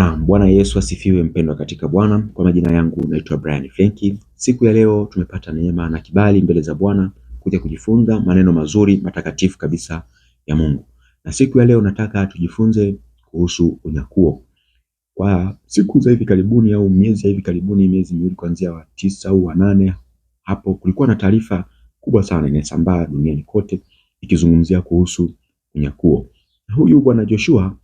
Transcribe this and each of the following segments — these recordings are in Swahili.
Naam, Bwana Yesu asifiwe mpendwa katika Bwana. Kwa majina yangu naitwa Brian Frenki. Siku ya leo tumepata neema na kibali mbele za Bwana kuja kujifunza maneno mazuri matakatifu kabisa ya Mungu. Na siku ya leo nataka tujifunze kuhusu unyakuo. Kwa siku za hivi karibuni au miezi ya hivi karibuni, miezi miwili kuanzia wa tisa au wa nane hapo, kulikuwa na taarifa kubwa sana inasambaa duniani kote ikizungumzia kuhusu unyakuo. Na huyu Bwana Joshua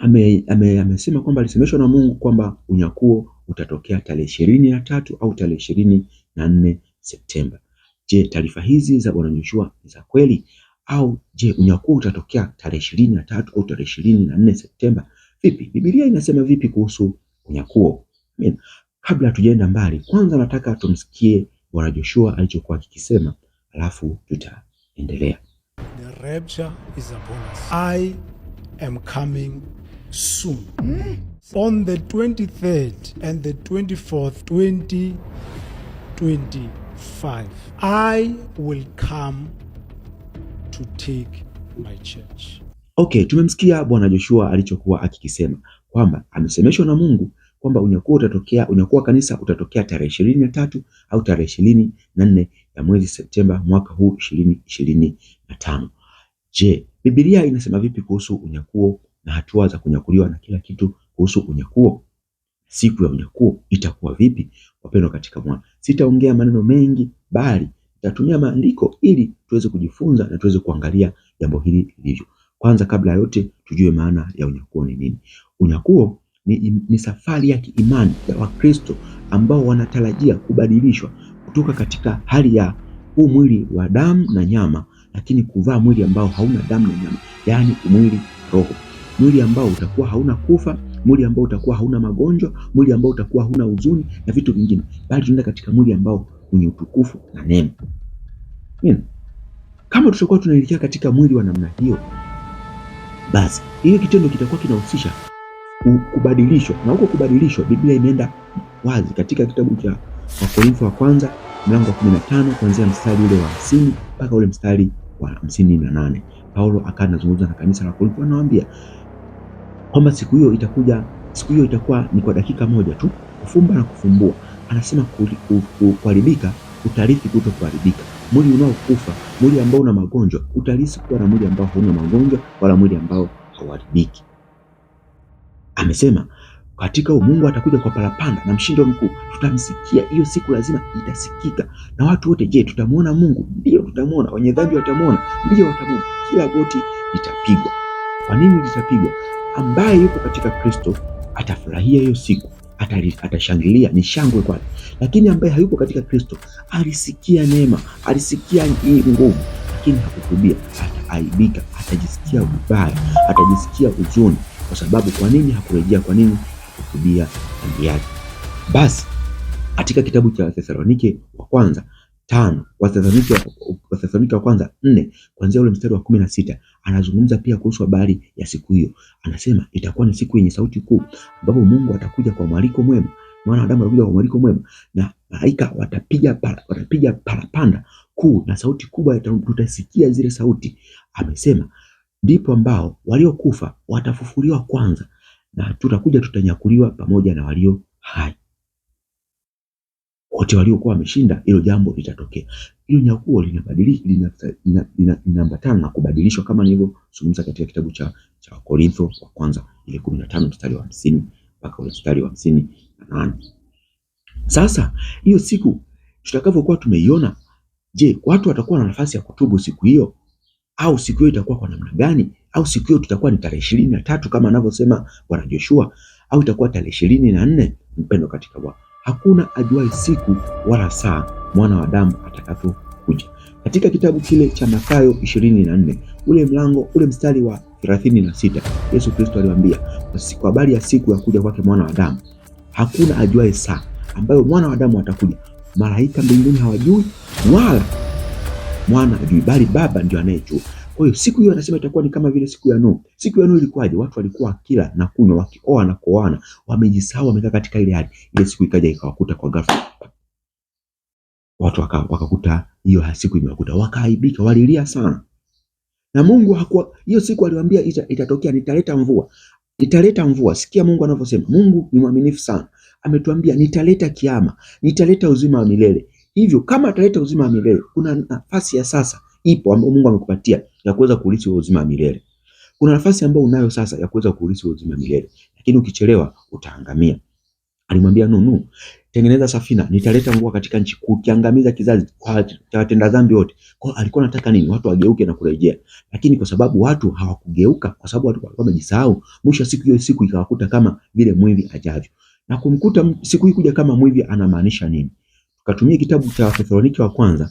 ame, ame, amesema kwamba alisemeshwa na Mungu kwamba unyakuo utatokea tarehe ishirini na tatu au tarehe ishirini na nne Septemba. Je, taarifa hizi za bwana Joshua ni za kweli au je, unyakuo utatokea tarehe ishirini na tatu au tarehe ishirini na nne Septemba? Vipi, Biblia inasema vipi kuhusu unyakuo? Amen. Kabla tujaenda mbali, kwanza nataka tumsikie bwana Joshua alichokuwa kikisema, alafu tutaendelea. The rapture is upon us. I am coming soon. Mm. On the 23rd and the 24th, 2025, I will come to take my church. Okay, tumemsikia Bwana Joshua alichokuwa akikisema kwamba amesemeshwa na Mungu kwamba unyakuo utatokea, unyakuo wa kanisa utatokea tarehe ishirini na tatu au tarehe ishirini na nne ya mwezi Septemba mwaka huu ishirini ishirini na tano. Je, Biblia inasema vipi kuhusu unyakuo na hatua za kunyakuliwa na kila kitu kuhusu unyakuo, siku ya unyakuo itakuwa vipi? Wapendwa katika Bwana, sitaongea maneno mengi, bali nitatumia maandiko ili tuweze kujifunza na tuweze kuangalia jambo hili lilivyo. Kwanza, kabla ya yote, tujue maana ya unyakuo ni nini. Unyakuo ni, ni safari ya kiimani ya Wakristo ambao wanatarajia kubadilishwa kutoka katika hali ya huu mwili wa damu na nyama, lakini kuvaa mwili ambao hauna damu na nyama, yaani mwili roho mwili ambao utakuwa hauna kufa, mwili ambao utakuwa hauna magonjwa, mwili ambao utakuwa hauna huzuni na vitu vingine, bali tunaenda katika mwili ambao wenye utukufu na neema. Kama tutakuwa tunaelekea katika mwili wa namna hiyo, basi hiyo kitendo kitakuwa kinahusisha kubadilishwa, na huko kubadilishwa Biblia imeenda wazi katika kitabu cha Wakorintho wa kwanza mlango wa 15 kuanzia mstari ule wa 50 mpaka ule mstari wa 58. Paulo akawa anazungumza na kanisa la Korintho, anawaambia kwamba siku hiyo itakuja, siku hiyo itakuwa ni kwa dakika moja tu, kufumba na kufumbua. Anasema kuharibika utarithi kuto kuharibika. Mwili unaokufa, mwili ambao una magonjwa, utarithi kuwa na mwili ambao hauna magonjwa wala mwili ambao hauharibiki. Amesema katika huu Mungu atakuja kwa parapanda na mshindo mkuu, tutamsikia hiyo siku, lazima itasikika na watu wote. Je, tutamuona Mungu? Ndio, tutamuona. Wenye dhambi watamuona? Ndio, watamuona. Kila goti litapigwa. Kwa nini litapigwa? ambaye yuko katika Kristo atafurahia hiyo siku, atashangilia, ni shangwe kwake. Lakini ambaye hayuko katika Kristo alisikia neema, alisikia nguvu, lakini hakutubia, ataaibika, atajisikia vibaya, atajisikia huzuni, kwa sababu kwa nini hakurejea? Kwa nini hakutubia dhambi yake? Basi katika kitabu cha thesalonike wa kwanza tano Wathesalonike wa kwanza nne kuanzia ule mstari wa kumi na sita anazungumza pia kuhusu habari ya siku hiyo. Anasema itakuwa ni siku yenye sauti kuu, ambapo Mungu atakuja kwa mwaliko mwema, maana Adamu atakuja kwa mwaliko mwema, na malaika watapiga para, watapiga parapanda kuu na sauti kubwa, tutasikia zile sauti. Amesema ndipo ambao waliokufa watafufuliwa kwanza, na tutakuja tutanyakuliwa pamoja na walio hai wote waliokuwa wameshinda, hilo jambo litatokea. Hiyo nyakuo linaambatana na kubadilishwa kama nilivyozungumza katika kitabu cha cha Wakorintho wa kwanza ile 15 mstari wa 50 mpaka ule mstari wa 58. Sasa hiyo siku tutakavyokuwa tumeiona, je, watu watakuwa na nafasi ya kutubu siku hiyo? Au siku hiyo itakuwa kwa namna gani? Au siku hiyo tutakuwa ni tarehe ishirini na tatu kama anavyosema Bwana Joshua, au itakuwa tarehe ishirini na nne? Mpendo katika Bwana hakuna ajuaye siku wala saa mwana wa Adamu atakapokuja. Katika kitabu kile cha Mathayo 24 ule mlango ule mstari wa 36, Yesu Kristo aliwaambia kwa habari ya siku ya kuja kwake mwana wa Adamu, hakuna ajuaye saa ambayo mwana wa Adamu atakuja. Malaika mbinguni hawajui wala mwana ajui, bali Baba ndio anayejua. Kwa hiyo siku hiyo anasema itakuwa ni kama vile siku ya Nuhu. Siku ya Nuhu ilikuwaje? Watu walikuwa kila na kunywa, wakioa na kuoana, wamejisahau, wamekaa katika ile hali. Ile siku ikaja ikawakuta kwa ghafla, watu wakakuta hiyo siku imewakuta, wakaaibika, walilia sana. Na Mungu hakuwa hiyo siku aliwaambia ita, itatokea nitaleta mvua. Nitaleta mvua. Sikia Mungu anavyosema. Mungu ni mwaminifu sana. Ametuambia nitaleta kiama, nitaleta uzima wa milele. Hivyo kama ataleta uzima wa milele, kuna nafasi ya sasa ipo ambayo Mungu amekupatia ya kuweza kurithi huo uzima milele. Kuna nafasi ambayo unayo sasa ya kuweza kurithi huo uzima milele, lakini ukichelewa utaangamia. Alimwambia Nuhu, tengeneza safina, nitaleta mvua katika nchi kukiangamiza kizazi cha watenda dhambi wote. Kwa alikuwa anataka nini? Watu wageuke na kurejea, lakini kwa sababu watu hawakugeuka, kwa sababu watu walikuwa wamejisahau, mwisho siku hiyo siku ikawakuta kama vile mwivi ajavyo. Na kumkuta siku hii kuja kama mwivi anamaanisha nini? Tukatumia kitabu cha Wathesalonike wa kwanza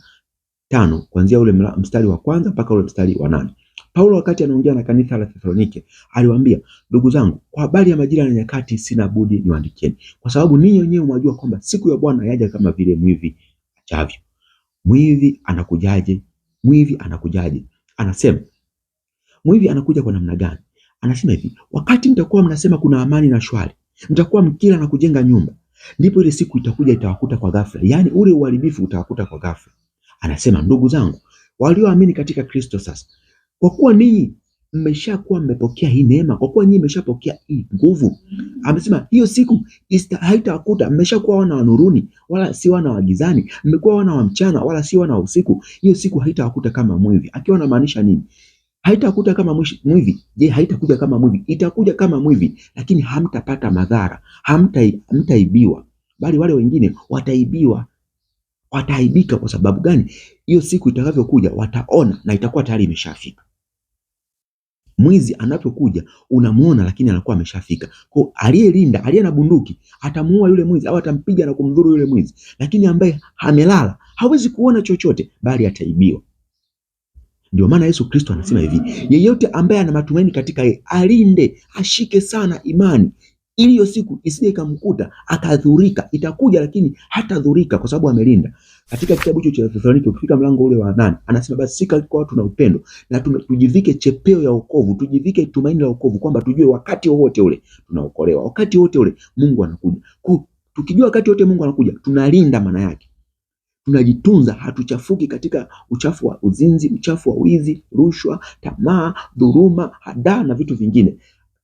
tano kuanzia ule mstari wa kwanza mpaka ule mstari wa nane. Paulo wakati anaongea na kanisa la Thesalonike aliwaambia, ndugu zangu, kwa habari ya majira na nyakati sina budi niwaandikieni, kwa sababu ninyi wenyewe mwajua kwamba siku ya Bwana yaja kama vile mwivi achavyo. Mwivi anakujaje? Mwivi anakujaje? Anasema mwivi anakuja kwa namna gani? Anasema hivi, wakati mtakuwa mnasema kuna amani na shwari, mtakuwa mkila na kujenga nyumba, ndipo ile siku itakuja itawakuta kwa ghafla. Yaani ule uharibifu utawakuta kwa ghafla. Anasema, ndugu zangu walioamini katika Kristo, sasa kwa kuwa ninyi mmeshakuwa mmepokea hii neema, kwa kuwa nyinyi mmeshapokea hii nguvu, amesema hiyo siku haitawakuta. Mmeshakuwa wana wa nuruni, wala si wana wa gizani. Mmekuwa wana wa mchana, wala si wana wa usiku. Hiyo siku haitawakuta kama mwivi. Akiwa anamaanisha nini? Haitakuta kama mwivi. Je, haitakuja kama mwivi? Itakuja kama mwivi, lakini hamtapata madhara, hamtaibiwa, bali wale wengine wataibiwa wataaibika. Kwa sababu gani? Hiyo siku itakavyokuja wataona na itakuwa tayari imeshafika. Mwizi anapokuja unamuona, lakini anakuwa ameshafika. Kwa aliyelinda, aliye na bunduki atamuua yule mwizi au atampiga na kumdhuru yule mwizi, lakini ambaye amelala hawezi kuona chochote, bali ataibiwa. Ndio maana Yesu Kristo anasema hivi, yeyote ambaye ana matumaini katika yeye alinde, ashike sana imani ili hiyo siku isije ikamkuta akadhurika. Itakuja lakini hatadhurika kwa sababu amelinda. Katika kitabu hicho cha Wathesalonike ukifika mlango ule wa nane anasema basi sika kwa watu na upendo na tujivike chepeo ya wokovu, tujivike tumaini la wokovu, kwamba tujue wakati wowote ule tunaokolewa, wakati wote ule Mungu anakuja. Kwa tukijua wakati wote Mungu anakuja, tunalinda maana yake tunajitunza hatuchafuki katika uchafu wa uzinzi, uchafu wa wizi, rushwa, tamaa, dhuruma, hadaa na vitu vingine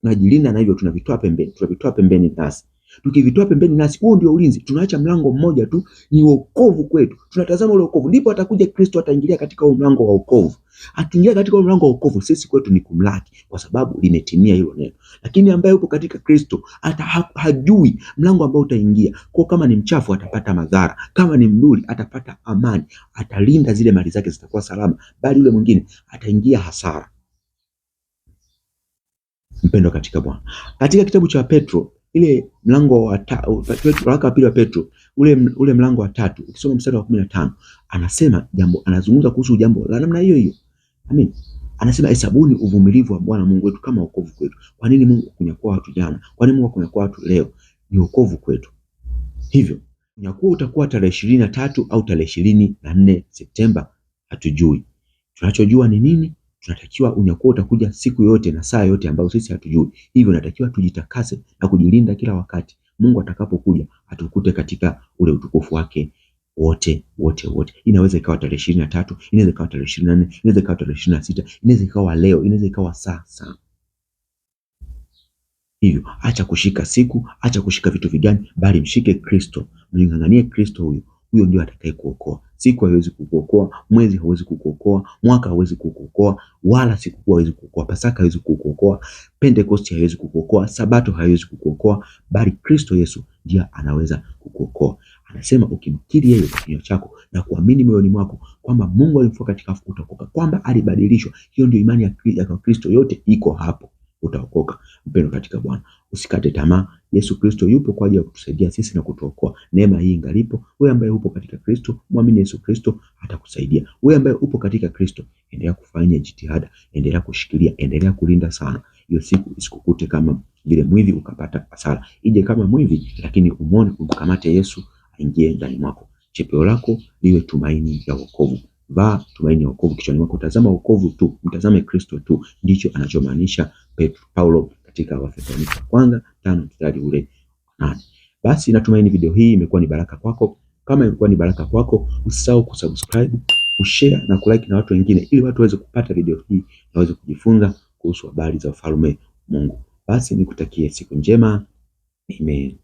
tunajilinda na hivyo tunavitoa pembeni, tunavitoa pembeni nasi. Tukivitoa pembeni nasi, huo ndio ulinzi. Tunaacha mlango mmoja tu, ni wokovu kwetu. Tunatazama ule wokovu, ndipo atakuja Kristo, ataingilia katika mlango wa wokovu. Akiingia katika mlango wa wokovu, sisi kwetu ni kumlaki, kwa sababu limetimia hilo neno. Lakini ambaye yupo katika Kristo hata hajui mlango ambao utaingia kwa. Kama ni mchafu atapata madhara, kama ni mduli atapata amani, atalinda zile mali zake zitakuwa salama, bali yule mwingine ataingia hasara mpendwa katika Bwana. Katika kitabu cha Petro ile mlango wa waraka wa pili wa Petro ule, ule mlango wa tatu ukisoma mstari wa kumi na tano anasema jambo, anazungumza kuhusu jambo la namna hiyo hiyo. Amen. Anasema hesabuni uvumilivu wa Bwana Mungu wetu kama wokovu kwetu. Kwa nini Mungu akunyakua watu jana? Kwa nini Mungu akunyakua watu leo? Ni wokovu kwetu. Hivyo unyakuo utakuwa tarehe ishirini na tatu au tarehe ishirini na nne Septemba, hatujui. Tunachojua ni nini? tunatakiwa unyakuo utakuja siku yote na saa yote ambayo sisi hatujui. Hivyo natakiwa tujitakase na kujilinda kila wakati, Mungu atakapokuja atukute katika ule utukufu wake wote wote wote. Inaweza ikawa tarehe ishirini na tatu, inaweza ikawa tarehe ishirini na nne, inaweza ikawa tarehe ishirini na sita, inaweza ikawa leo, inaweza ikawa saa saa. Hivyo acha kushika siku, acha kushika vitu vigani, bali mshike Kristo, mling'ang'anie Kristo huyo huyo ndio atakaye kuokoa. Siku haiwezi kukuokoa, mwezi hauwezi kukuokoa, mwaka hauwezi kukuokoa, wala sikukuu haiwezi kukuokoa, Pasaka haiwezi kukuokoa, Pentecost haiwezi kukuokoa, Sabato haiwezi kukuokoa, bali Kristo Yesu ndiye anaweza kukuokoa. Anasema ukimkiri yeye kwa kinywa chako na kuamini moyoni mwako kwamba Mungu alimfufua katika wafu kwamba alibadilishwa. Hiyo ndio imani ya Kristo yote iko hapo utaokoka. Mpendwa katika Bwana, usikate tamaa. Yesu Kristo yupo kwa ajili ya kutusaidia sisi na kutuokoa. Neema hii ingalipo, wewe ambaye upo katika Kristo, muamini Yesu Kristo atakusaidia. Wewe ambaye upo katika Kristo, endelea kufanya jitihada, endelea kushikilia, endelea kulinda sana. Hiyo siku isikukute kama vile mwivi ukapata hasara. Ije kama mwivi, lakini umone umkamate Yesu aingie ndani mwako. Chepeo lako liwe tumaini ya wokovu. Vaa tumaini ya wokovu kichwani mwako. Tazama wokovu tu, mtazame Kristo tu, ndicho anachomaanisha Petro, Paulo katika Wathesalonike wa kwanza tano mstari ule nane. Basi natumaini video hii imekuwa ni baraka kwako. Kama imekuwa ni baraka kwako, usisahau kusubscribe, kushare na kulike na watu wengine, ili watu waweze kupata video hii na waweze kujifunza kuhusu habari za ufalme Mungu. Basi nikutakie siku njema. Amen.